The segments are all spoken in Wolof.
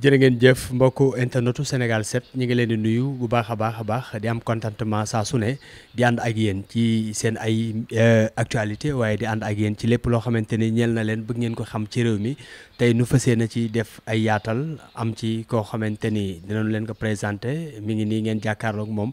jërë ngeen jëf mbokku internetu Sénégal 7 ñu ngi leen di nuyu bu baax a baax a baax di am contentement saa su ne di ànd ak yéen ci seen ay euh, actualité waaye di ànd ak yéen ci lépp loo xamante ni ñeel na leen bëgg ngeen ko xam ci réew mi tey nu fas yéene ci def ay yaatal am ci koo xamante ni dinañu leen ko présenté mu ngi nii ngeen jàkkaarlook moom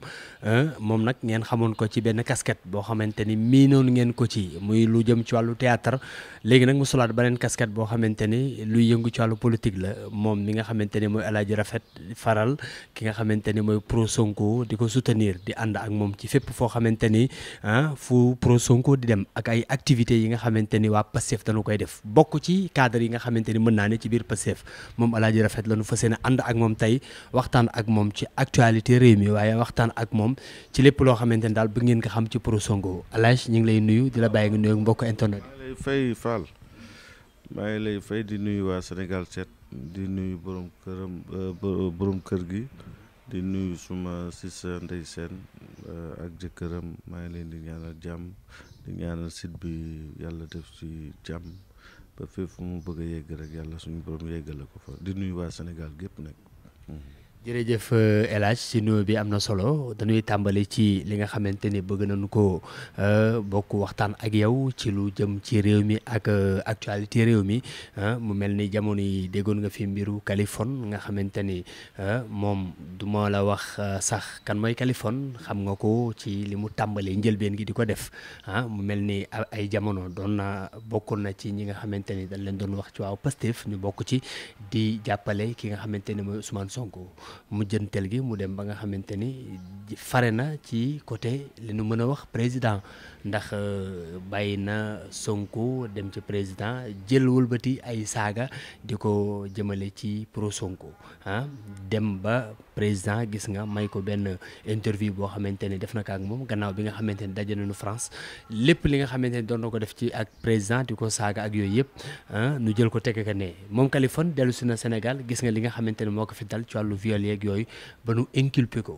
moom nag ngeen xamoon ko ci benn casquette boo xamante ni miinoon ngeen ko ci muy lu jëm ci wàllu théâtre léegi nag mu solaat beneen casquette boo xamante ni luy yëngu ci wàllu politique la moom mi nga xamante ni mooy ji Rafet faral ki nga xamante ni mooy pro Sonko di ko soutenir di ànd ak moom ci fépp foo xamante ni ah fu pro Sonko di dem ak ay activités yi nga xamante ni waa Pastef dañu koy def bokk ci cadre yi nga xamante ni naa ne ci biir Pastef moom Alaaji Rafet la nu fas ànd ak moom tey waxtaan ak moom ci actualité réew mi waaye waxtaan ak moom ci lépp loo xamante ne daal bëgg ngeen ko xam ci pro Sonko ñu ngi lay nuyu di la bàyyi nga nuyu mbokk fay Fall maa ngi lay fay di nuyu waa Sénégal 7 di nuyu boroom këram euh, borom kër gi di nuyu suma sista Ndeye Sène euh, ak jëkkëram maa ngi leen di ñaanal jàmm di ñaanal site bi yàlla def ci jàmm ba fépp mu bëgg a yegg rek yàlla suñu borom yeggal la ko fa di nuyu waa Sénégal gépp nag. jërëjëf euh, El Hadj si nuyoo bi am na solo dañuy tàmbali ci li nga xamante ni bëgg nañu ko euh, bokk waxtaan ak yow ci lu jëm ci réew mi ak euh, actualité réew mi mu mel ni jamono yi déggoon nga fi mbiru Kaliphone nga xamante ni moom duma la wax sax kan mooy Kaliphone xam nga ko ci li mu tàmbalee njëlbeen gi di ko def ah mu mel ni ay jamono doon na bokkoon na ci ñi nga xamante ni dañ leen doon wax ci waaw Pastef ñu bokk ci di jàppale ki nga xamante ni mooy Ousmane Sonko. mujjantel gi mu dem ba nga xamante ni fare na ci côté li nu mën a wax président ndax euh, bàyyi na Sonko dem ci président jël wëlbati ay saaga di ko jëmale ci pro Sonko ah, dem ba président gis nga may ko benn interview boo xamante ni def na ko ak moom gannaaw bi nga xamante ni daje nañu France lépp li nga xamante ni doon na ko def ci ak président di ko saaga ak yooyu yëpp ah, nu jël ko teg ka ne moom Kaliphone dellu na Sénégal gis nga li nga xamante ni moo viol yeeg yooyu ba nu inculpé ko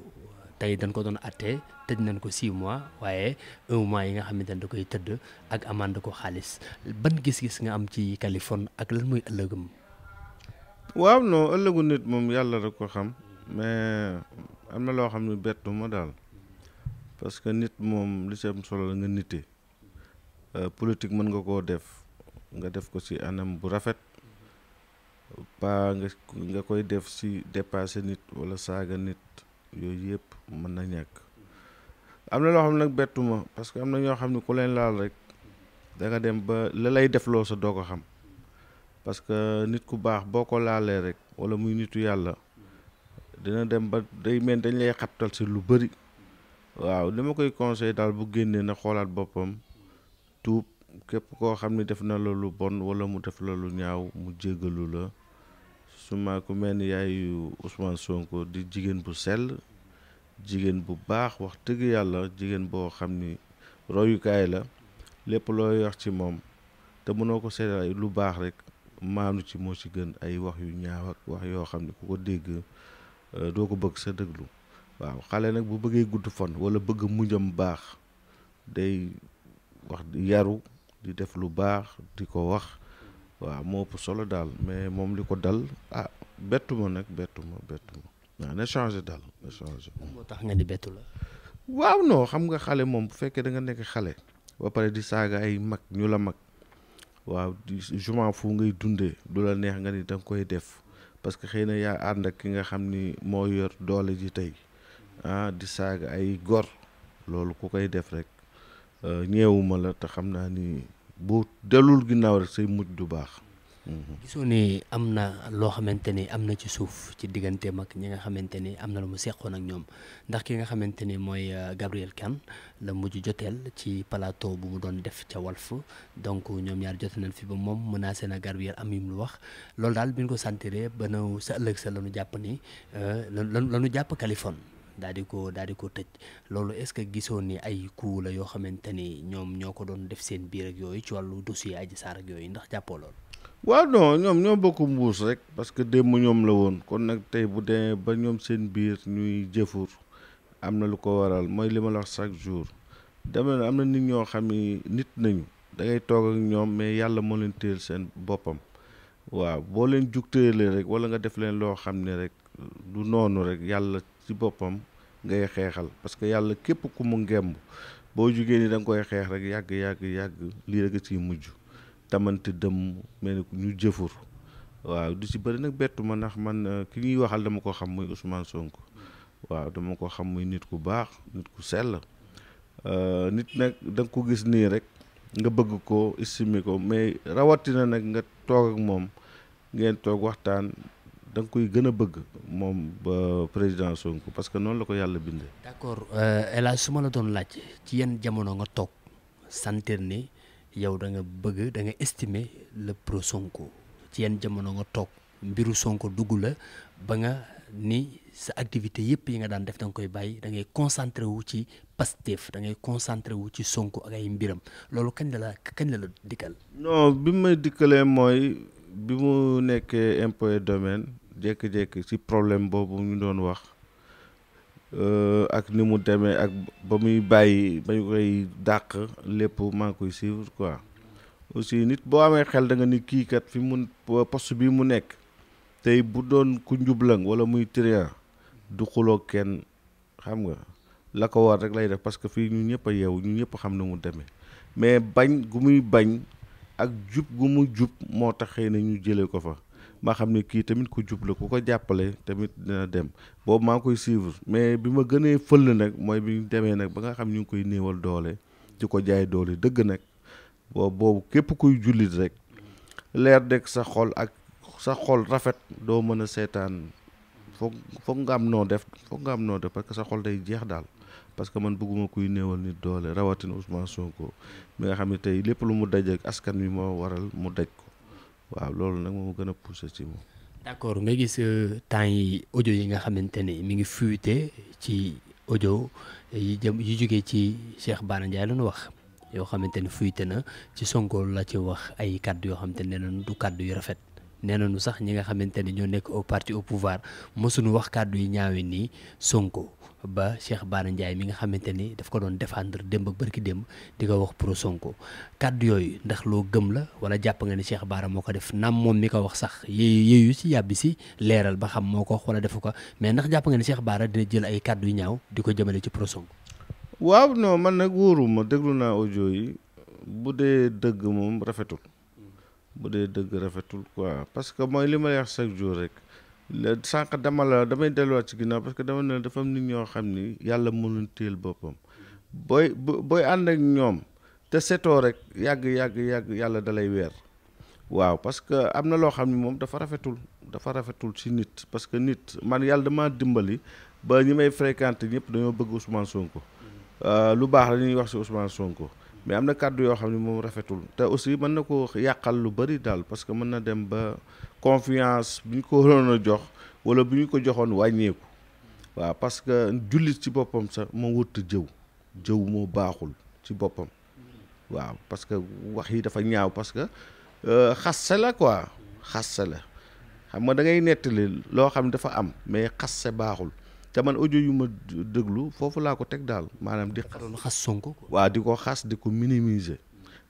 tey dañ ko doon atte tëj nañ ko 6 mois waaye un mois yi nga xam ne da koy tëdd ak amande ko xaalis ban gis-gis nga am ci Kaliphone ak lan muy ëllëgum. waaw non ëllëgu nit moom yàlla rek ko xam mais am na loo xam ne bettu ma daal parce que nit moom lu ci am solo la nga nite euh, politique mën nga koo def nga def ko ci anam bu rafet. pas nga nga koy def si dépasser nit wala saaga nit yooyu yëpp mën na ñàkk am na loo xam ne nag bettuma parce que am na ñoo xam ne ku leen laal rek danga dem ba la lay def loo sa doo ko xam parce que nit ku baax boo ko laalee rek wala muy nitu yàlla dina dem ba day mel dañ lay xabtal si lu bari waaw li ma koy conseil daal bu génnee na xoolaat boppam tuub képp koo xam ne def na la lu bon wala mu def la lu ñaaw mu jéggalu la suma ku mel ni yaayu Ousmane Sonko di jigéen bu sell jigéen bu baax wax dëgg yàlla jigéen boo xam ni royukaay la lépp looy wax ci moom te mënoo ko seetal lu baax rek maanu ci moo ci gën ay wax yu ñaaw ak wax yoo xam ne ku ko dégg euh, doo ko bëgg sa déglu waaw xale nag bu bëggee gudd fan wala bëgg mujjam baax day wax yaru di def lu baax di ko wax waaw moo ëpp solo daal mais moom li ko dal ah bettu ma nag bettu ma bettu ma waaw na changé daal na moo tax nga di bettu la. waaw xam nga xale moom bu fekkee da nga nekk xale. ba pare di saaga ay mag ñu la mag. waaw jument fu ngay dundee du la neex nga ni danga koy def parce que xëy na yaa ànd ak ki nga xam ni moo yor doole ji tey ah di saaga ay gor loolu ku koy def rek euh, ñeewuma la te xam naa ni. boo delul ginnaaw rek say mujj du baax. gisoo ne am na loo xamante ni am na ci suuf ci diggante ak ñi nga xamante ni am na lu mu seqoon ak ñoom ndax ki nga xamante ni mooy euh, Gabriel Kane la mujj joteel ci plateau bu mu doon def ca Walf donc ñoom ñaar jote nañ fi ba moom menacé na Gabriel am yim lu wax loolu daal bi ñu ko sentiree ba na sa ëllëg sa la jàpp ni euh, la la ñu jàpp Californie. daal di ko daal di ko tëj loolu est-ce que gisoon ni ay coup la yoo xamante ni ñoom ñoo ko doon def seen biir ak yooyu ci wàllu dossier Adji Sarr ak yooyu ndax jàppoo loolu. waaw ñoom ñoo bokk mbuus rek parce que démb ñoom la woon kon nag tey bu demee ba ñoom seen biir ñuy jëfur am na lu ko waral mooy li ma la chaque jour dama ne am na nit ñoo xam nit nañu da ngay toog ak ñoom mais yàlla moo leen téyel seen boppam. waaw boo leen rek wala nga def leen loo xam ne rek du noonu rek yàlla ci boppam ngay xeexal parce que yàlla képp ku mu ngemb boo jugee ni danga koy xeex rek yàgg yàgg yàgg lii rek ciy mujj tamante dëmm mel ni ñu jëfur waaw du si bëri nag bettu ma ndax man euh, ki ñuy waxal dama ko xam muy Ousmane Sonko waaw dama ko xam muy nit ku baax nit ku sell euh, nit nag danga ko gis nii rek nga bëgg ko estimer ko mais rawatina nag nga toog ak moom ngeen toog waxtaan da nga koy gën a bëgg moom ba président Sonko parce que noonu la ko yàlla bindee. d' accord euh, El Hadj su ma la doon laaj ci yenn jamono nga toog sentir ni yow da nga bëgg da estime estimer le pro Sonko ci yenn jamono nga toog mbiru Sonko dugg la ba nga ni sa activité yëpp yi nga daan def da nga koy bàyyi da ngay concentré wu ci Pastef da ngay concentré wu ci Sonko ak ay mbiram loolu kañ la la kañ la la dikkal. non bi ma dikkalee mooy bi mu nekkee impôt domaine. jékki-jékki ci problème boobu ñu doon wax euh, ak ni mu demee ak ba muy bàyyi ba ñu koy dàq lépp maa koy suivre quoi aussi nit boo amee xel danga ni kii kat fi mu post bi mu nekk tey bu doon ku njublang wala muy trian du xuloo kenn xam nga la ko war rek lay def parce que fii ñu ñëpp a yeewu ñu ñëpp xam na mu demee mais bañ gu muy bañ ak jub gu mu jub moo tax xëy na ñu jëlee ko fa ma xam ne kii tamit ko jub la ku ko jàppale tamit dina dem boobu maa ngi koy suivre mais bi ma gënee fël nag mooy bi ñu demee nag ba nga xam ñu ngi koy néewal doole di ko jaay doole dëgg nag boobu képp kuy jullit rek leer dëkk sa xol ak sa xol rafet doo mën a seetaan foog foog nga am noo def foog nga am noo def parce que sa xol day jeex daal parce que man bëgguma kuy néewal nit doole rawatina Ousmane Sonko ma nga xam ne tey lépp lu mu daj ak askan wi moo waral mu daj ko waaw loolu nag moom gën a poussé ci moom. d'accord nga gis euh, temps yi ojo yi nga xamante ni mi ngi fuité ci audio yi jëm yi jógee ci Cheikh Bara Ndiaye la ñu wax yoo xamante ni fuité na ci Sonko la ci wax ay kaddu yoo xamante ne nañu du kàddu yu rafet. nee na nu sax ñi nga xamante ni ñoo nekk au parti au pouvoir mosuñu wax kàddu yi ñaawe nii Sonko. ba Cheikh Bara njaay mi nga xamante ni daf ko doon défendre démb ak barki démb di ko wax pro Sonko kàddu yooyu ndax loo gëm la wala jàpp nga ne Cheikh baara moo ko def naam moom mi ko wax sax yéyu yéyu ci yàbbi si leeral ba xam moo ko wax wala defu ko mais ndax jàpp nga ni Cheikh Bara dina jël ay kàddu yu ñaaw di ko jëmale ci pro Sonko waaw non man nag wóoruma déglu naa audio yi bu dee dëgg moom rafetul mm. bu dee dëgg rafetul quoi parce que mooy li ma wax jour rek sànq dama la damay delluwaat ci ginnaaw parce que dama ne dafa am nit ñoo xam ni yàlla mënul téel boppam booy booy ànd ak ñoom te setoo rek yàgg yàgg yàgg yàlla dalay weer waaw parce que am na loo xam ni moom dafa rafetul dafa rafetul ci nit parce que nit man yàlla dama dimbali ba ñi may fréquenté ñëpp dañoo bëgg Ousmane Sonko mm-hmm. euh, lu baax la ñuy wax ci Ousmane Sonko mais am na kàddu yoo xam ne moom rafetul te aussi mën na ko yàqal lu bëri daal parce que mën na dem ba confiance bi ñu ko waroon a jox wala bu ñu ko joxoon wàññeeku waaw parce que jullit ci boppam sax moo wëtt jëw jëw moo baaxul ci boppam waaw parce que wax yi dafa ñaaw parce que euh, xasse la quoi xasse la xam nga da ngay nettali loo xam ne dafa am mais xas se baaxul te man audio yu ma déglu foofu laa ko teg daal maanaam di. xas Sonko waa di ko xas di ko minimiser.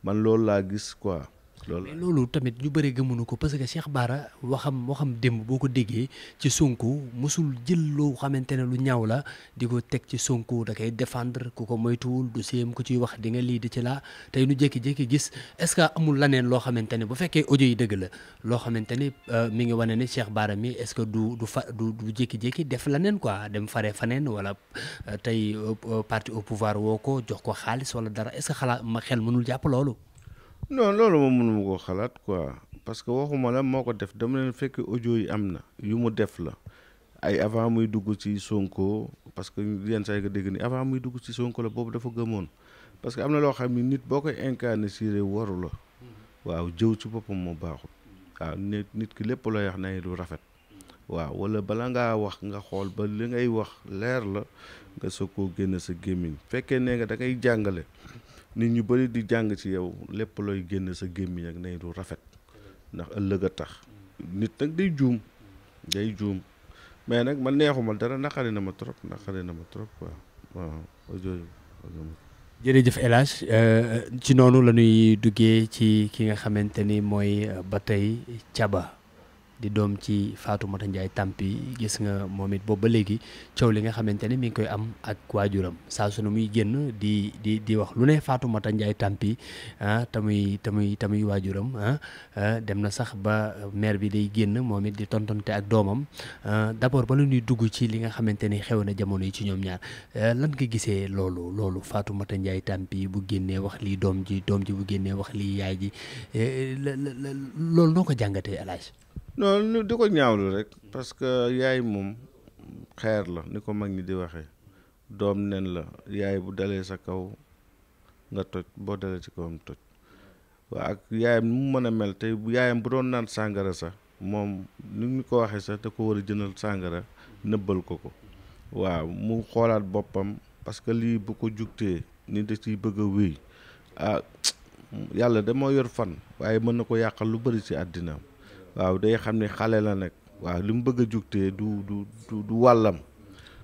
man loolu laa gis quoi. loolu loolu tamit ñu bëri gëmuñu ko parce que Cheikh Bara waxam waxam démb boo ko déggee ci Sonko mosul jël loo xamante ne lu ñaaw la di ko teg ci Sonko da koy défendre ku ko moytuwul du séem ku ciy wax di nga lii di ci la tey nu jékki-jékki gis est-ce que amul laneen loo xamante ne bu fekkee ojo yi dëgg la loo xamante ni euh, mi ngi wane ni Cheikh baara mi est-ce que du du fa du du jékki-jékki def laneen quoi dem fare faneen wala euh, tey euh, parti au pouvoir woo ko jox ko xaalis wala dara est-ce que ma xel mënul jàpp loolu. non loolu moom mënuma koo xalaat quoi parce que waxuma la moo ko def dama leen fekk audio yi am na yu mu def la ay avant muy dugg ci Sonko parce que yenn saa yi nga dégg ni avant muy dugg ci Sonko la boobu dafa gëmoon parce que am na loo xam ni nit boo koy incarné si réew waru la waaw jëw ci boppam mu baaxul waaw nit nit ki lépp yax na nay lu rafet waaw wala balaa ngaa wax nga xool ba li ngay wax leer la nga soog koo génn sa gémmiñ fekkee ne nga da jàngale nit ñu bëri di jàng ci yow lépp looy génn sa gémmiñ ak nay du rafet ndax ëllëg a tax nit nag day juum day juum mais nag man neexuma dara naqari na ma trop naqari na ma trop waaw waaw jërëjëf El Hadj euh, ci noonu la ñuy duggee ci ki nga xamante ni mooy euh, ba tey Thiaba di doom ci Fatoumata Ndiaye Tampi gis nga moom it boobu ba léegi coow li nga xamante ni mi ngi koy am ak waajuram saa su muy génn di di di wax lu ne Fatoumata Ndiaye Tampi ah tamuy tamuy tamuy waajuram ah, ah dem na sax ba maire bi day génn moom it di tontonte ak doomam ah, d'abord ba lu ñuy dugg ci li nga xamante ni xew na jamono yi ci ñoom ñaar eh, lan nga gisee loolu loolu Fatoumata Ndiaye Tampi bu génnee wax lii doom ji doom ji bu génnee wax lii yaay ji eh, loolu noo ko jàngatee El non ñu di ko ñaawlu rek parce que yaay moom xeer la ni ko mag ñi di waxee doom nen la yaay bu dalee sa kaw nga toj boo dalee ci kawam toj waa ak yaayam mu mën a mel te yaayam bu doon naan sàngara sax moom nu ñu ko waxee sax da ko war a jëndal sàngara nëbbal ko ko waaw mu xoolaat boppam parce que lii bu ko jugtee ni da ciy bëgg a wéy ah, yàlla de moo yor fan waaye mën na ko yàqal lu bari si àddinaam waaw day xam ne xale la nag waaw li mu bëgg a jugtee du du du wàllam.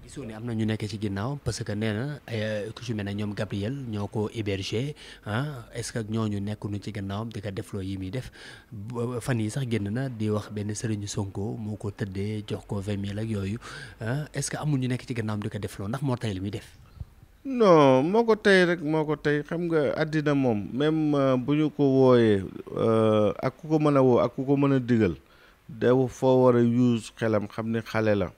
gisoo ne am na ñu nekk ci ginnaaw parce que nee na euh, ku ci mel ñoom Gabriel ñoo ko hébergé ah est-ce que ñooñu nekkuñu ci ginnaawam di ko defloo yi muy def fan yi sax génn na di wax benn sëriñu Sonko moo ko tëddee jox ko vingt mille ak yooyu est-ce que amul ñu nekk ci ginnaawam di ko defloo ndax moo li muy def. non moo ko tey rek moo ko tey xam nga àddina moom même euh, bu ñu ko wooyee euh, ak ku ko mën a woo ak ku ko mën a digal dafa foo war a use xelam xam ni xale la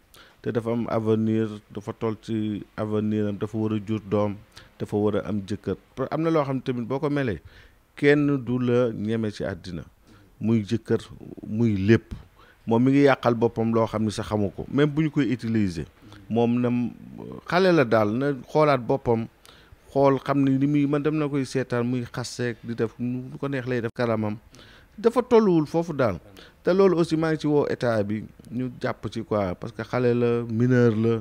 te dafa am avenir dafa toll ci avenir am dafa war a jur doom dafa war a am jëkkër am na loo xam tamit boo ko melee kenn du la ñeme si àddina muy jëkkër muy lépp moom mu ngi yàqal boppam loo xam ni sa xamu ko même bu ñu koy utiliser moom na xale la daal na xoolaat boppam xool xam ne ni muy man dem na koy seetaan muy xaseek di def lu ko neex lay def karamam dafa tolluwul foofu daal te loolu aussi maa ngi ci woo état bi ñu jàpp ci quoi parce que xale la mineur la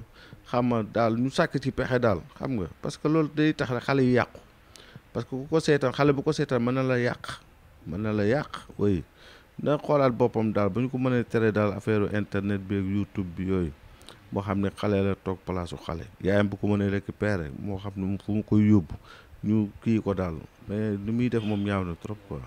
xama daal ñu sàkk ci pexe daal xam nga parce que loolu day tax rek xale yu yàqu parce que ku ko seetaan xale bu ko seetaan mën na la yàq mën na la yàq oui na xoolaat boppam daal ba ñu ko mënee tere daal affaire internet bi ak YouTube bi yooyu. moo xam ne xale la toog place xale yaayam bu ko mënee récupérer moo xam mu fu mu ko yóbbu ñu kii ko daal mais li muy def moom ñaaw na trop quoi.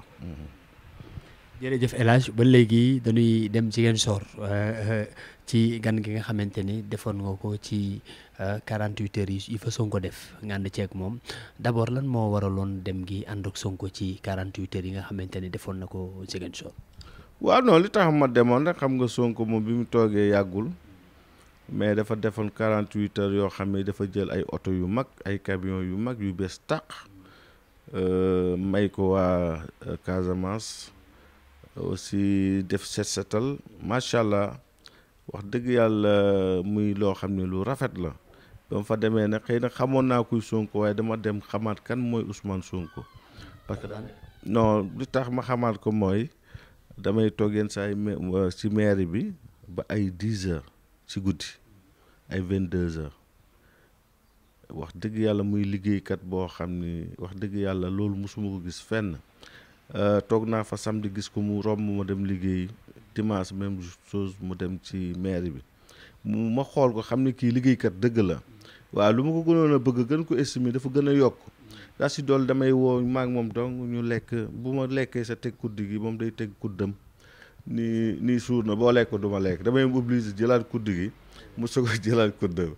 jërëjëf ba léegi dañuy dem ci Ziguinchor euh, euh, ci gan gi nga xamante ni defoon nga ko ci 48 euh, heures yi fa Sonko def nga ànd ceeg moom d'abord lan moo waraloon dem gi ànd ak Sonko ci 48 heures yi nga xamante ni defoon na ko Ziguinchor. waaw li tax ma demoon rek xam nga sonk moom bi mu toogee yàggul. mais dafa defoon quarante huit yoo xam ne dafa jël ay oto yu mag ay camion yu mag yu bees tàq euh, may ko waa euh, Casamance aussi def set setal macha allah wax dëgg yàlla muy loo xam ne lu rafet la ba fa demee nag xëy na xamoon naa kuy Sonko waaye dama dem xamaat kan mooy Ousmane Sonko parce que non lu tax ma xamaat ko mooy damay toog yenn ay yi euh, si mairie bi ba ay dix heures ci guddi ay vingt deux heures wax dëgg yàlla muy liggéeykat boo xam ni wax dëgg yàlla loolu mosuma ko gis fenn euh, toog naa fa samedi gis ko mu romb ma dem liggéey dimanche même chose mu dem ci mairie bi mu ma xool ko xam ni kii liggéeykat dëgg la waaw lu ma ko gënoon a bëgg gën ko estimer dafa gën a yokk daa si dool damay woo maak moom dong ñu lekk bu ma lekkee sa teg kudd gi moom day teg kuddam ni nii suur na boo lekk du ma lekk damay obligé jëlaat kudd gi mu soog a jëlaat kurdeem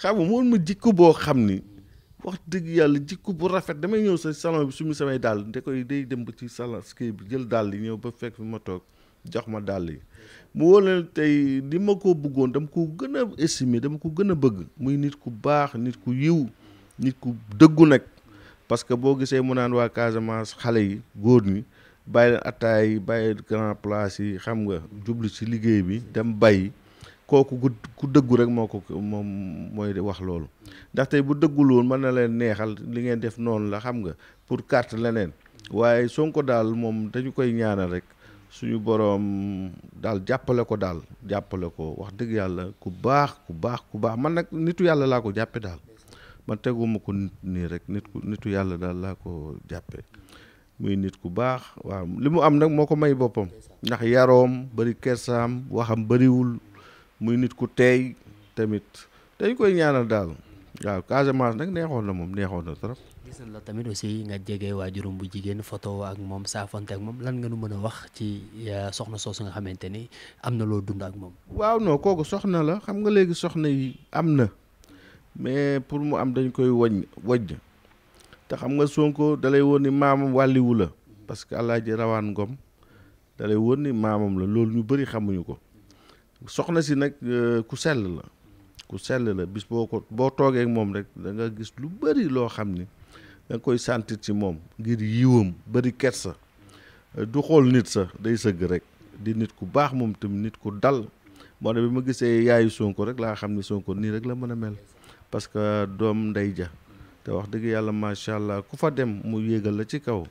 xam nga moom ma jikk boo xam ni wax dëgg yàlla jikk bu rafet damay ñëw sa salon bi suñu samay dàll da koy day dem ba ci salon ski bi jël dàll di ñëw ba fekk fi ma toog jox ma dàll yi mu wóor tey li ma ko bëggoon dama ko gën a estimer dama ko gën a bëgg muy nit ku baax nit ku yiw nit ku dëggu nag parce que boo gisee mu naan waa Casamance xale yi góor ñi bàyyi leen attaay yi bàyyi grand place yi xam nga jublu si liggéey bi dem bay kooku ku ku dëggu rek moo ko moom mooy wax loolu ndax tey bu dëggul mën na leen neexal li ngeen def noonu la xam nga pour carte leneen waaye Sonko daal moom dañu koy ñaanal rek suñu boroom daal jàppale ko daal jàppale ko wax dëgg yàlla ku baax ku baax ku baax man nag nitu yàlla laa ko jàppe daal man teguma ko nit nii rek nit ku nitu yàlla daal laa ko jàppe muy nit ku baax waaw li mu am nag moo ko may boppam ndax yaroom bari kersaam waxam bariwul muy nit ku teey tamit dañ koy ñaanal daal waaw Casamance nag neexoon na moom neexoon na trop. gis la tamit aussi nga jege waajurum bu jigéen photo ak moom saafonte ak moom lan nga nu mën a wax ci soxna su nga xamante ni am na loo dund ak moom. waaw noo kooku soxna la xam nga léegi soxna yi am na mais pour mu am dañ koy woñ wajj te xam nga Sonko dalay woon ni maamam wàlliwu la parce que Alaaji Rawaan Ngom dalay woon ni maamam la loolu ñu bëri xamuñu ko. soxna si nag euh, ku sell la ku sell la bis boo ko boo toogee ak moom rek da nga gis lu bëri loo xam ni da nga koy sentir ci moom ngir yiwam bëri kersa euh, du xool nit sax day sëgg rek di nit ku baax moom tamit nit ku dal moo ne bi ma gisee yaayu Sonko rek laa xam ni Sonko nii rek la mën a mel parce que doom ndey ja te wax dëgg yàlla macha allah ku fa dem mu yëgal la ci kaw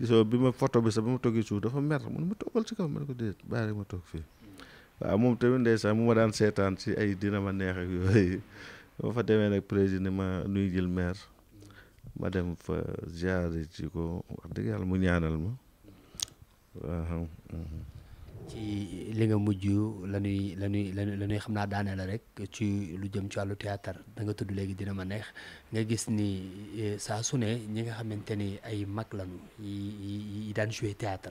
gisoo bi ma photo bi sax ba ma toogee suuf dafa mer mun ma toogal ci kaw ma ne ko d bàyyi ma toog fii waaw moom tamit ndeysaan mu ma daan seetaan si ay dina ma neex ak yooyu ba fa demee nag président ma nuy jël maire ma dem fa ziare ci ko dëgg yàlla mu ñaanal ma ci li nga mujj la ñuy la ñuy la ñuy xam naa daane la rek ci lu jëm ci wàllu théâtre da nga tudd léegi dina ma neex nga gis ni eh, saa su ne ñi nga xamante ni ay mag lañu yi daan jouer théâtre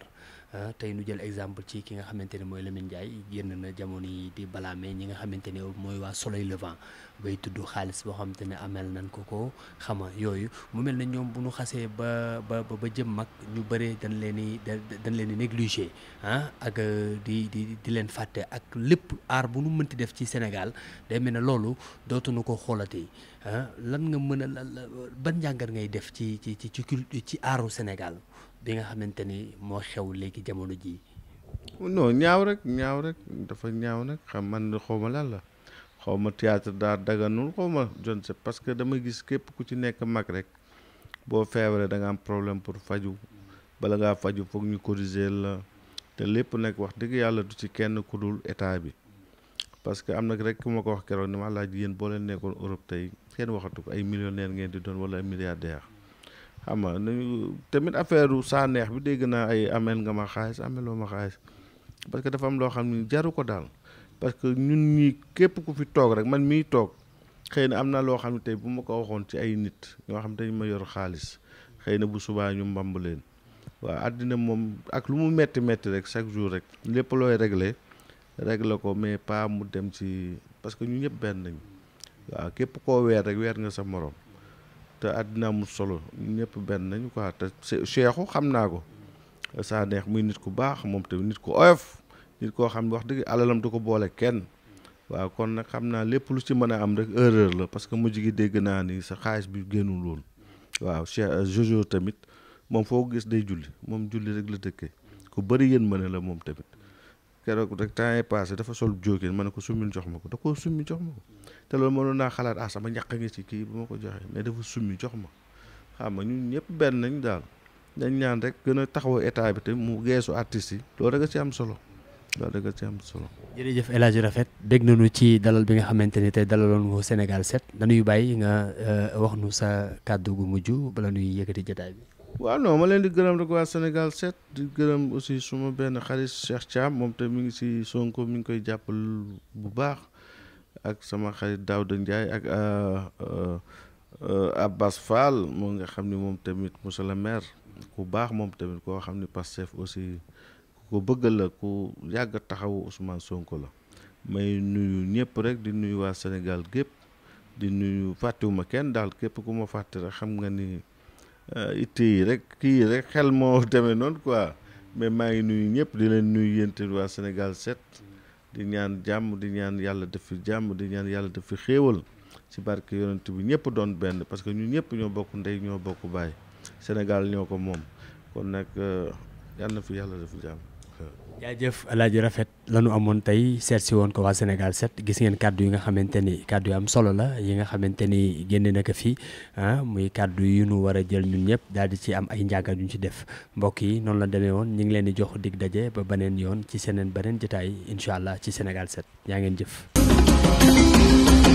Euh, tey nu jël exemple ci ki nga xamante ne mooy Lamine Ndiaye génn na jamono yi di balaame ñi nga xamante ne mooy waa Soleil Levant bay tudd xaalis boo xamante ne amel nan ko ko xama yooyu mu mel na ñoom bu ñu xasee ba ba jëm mag ñu bëree dañ leen di dañ leen di négligé ah ak euh, di di di leen fàtte ak lépp aar bu nu mënti def ci Sénégal day mel ne loolu dootuñu ko xoolati ah. lan nga mën a ban njàngat ngay def ci ci ci ci ci aaru Sénégal bi nga xamante ni moo xew léegi jamono jii. non ñaaw rek ñaaw rek dafa ñaaw nag xam man xaw ma lan la xaw ma théâtre daal daganul xaw ma jon sé parce que dama gis képp ku ci nekk mag rek boo feebaree da nga am problème pour faju bala ngaa faju foog ñu corriger la te lépp nag wax dëgg yàlla du ci kenn ku dul état bi parce que am nag rek ku ma ko wax keroog ni ma laaj yen boo leen nekkoon Europe tey kenn waxatu ko ay millionnaire ngeen di doon wala ay milliardaire xam nga nu tamit affaire saa neex bi dégg naa ay amel nga ma xaalis ameloo ma xaalis parce que dafa am loo xam ni jaru ko daal parce que ñun ñii képp ku fi toog rek man mii toog xëy na am na loo xam ne tey bu ma ko waxoon ci ay nit ñoo xam dañ ma yor xaalis xëy na bu subaa ñu mbamb leen waaw àddina moom ak lu mu metti metti rek chaque jour rek lépp looy réglé réglé ko mais pas mu dem si parce que ñu ñëpp benn nañ waaw képp koo weer rek weer nga sa moroom te àddina mu solo ñëpp benn nañu quoi te Cheikhou xam naa ko sa neex muy nit ku baax moom tamit nit ko oyof nit koo xam ne wax dëgg alalam du ko boole kenn waaw kon nag xam naa lépp lu si mën a am rek erreur la parce que mujj gi dégg naa ni sa xaalis bi génnul lool waaw Cheikh Jojo tamit moom foo gis day julli moom julli rek la dëkkee ko bari yéen mën la moom tamit keroog rek temps yi passé dafa sol jógin ma ne ko summil jox ma ko da koo summi jox ma ko te loolu mënoon naa xalaat a ah, sama ñaq ngi ci kii bu ma ko joxee mais dafa summi jox ma xam nga ñu ñëpp benn nañ daal dañ ñaan rek gën a taxawoo état bi te mu geesu artistes yi loolu rek a ci am solo loolu rek a ci am solo. jërëjëf El Hadj Rafet na nañu ci dalal bi nga xamante ni tey dalaloon nga Sénégal 7 dañuy bàyyi nga euh, wax nu sa kàddu gu mujj bala ñuy yëkkati jotaay bi. waaw non ma leen di gërëm rek waa Sénégal set di gërëm aussi suma benn xarit Cheikh Thiam moom te mi ngi si Sonko mi ngi koy jàppal bu baax ak sama xarit Daouda Ndiaye ak euh, euh, Abbas Fall moo nga xam ni moom tamit monsieur le ku baax moom tamit koo xam ni Pastef aussi ku ko bëgg la ku yàgg taxawu Ousmane Sonko la may nuyu ñëpp rek di nuyu waa Sénégal gépp di nuyu fàttewuma kenn daal képp ku ma fàtte rek xam nga ni Euh, itte yi rek kii rek xel moo demee noonu quoi mais maa ngi nuyu ñëpp di leen nuyu yéen tamit waa Sénégal set di ñaan jàmm di ñaan yàlla def fi jàmm di ñaan yàlla def fi xéewal ci barke yonent bi ñëpp doon benn parce que ñun ñëpp ñoo bokk ndey ñoo bokk baay Sénégal ñoo ko moom kon nag euh, yàlla na fi yàlla def fi jàmm. jëf jaajëf alaaji rafet lanu amoon tey seet woon ko waa Sénégal set gis ngeen kàddu yi nga xamante ni kàddu yu am solo la yi nga xamante ni génne na ko fii ah muy kàddu yu nu war a jël ñun ñëpp daal di ci am ay njàngat yu ñu ci def mbokk yi noonu la demee woon ñu ngi leen di jox dig daje ba beneen yoon ci seneen beneen jotaay incha allah ci Sénégal set yaa ngeen jëf.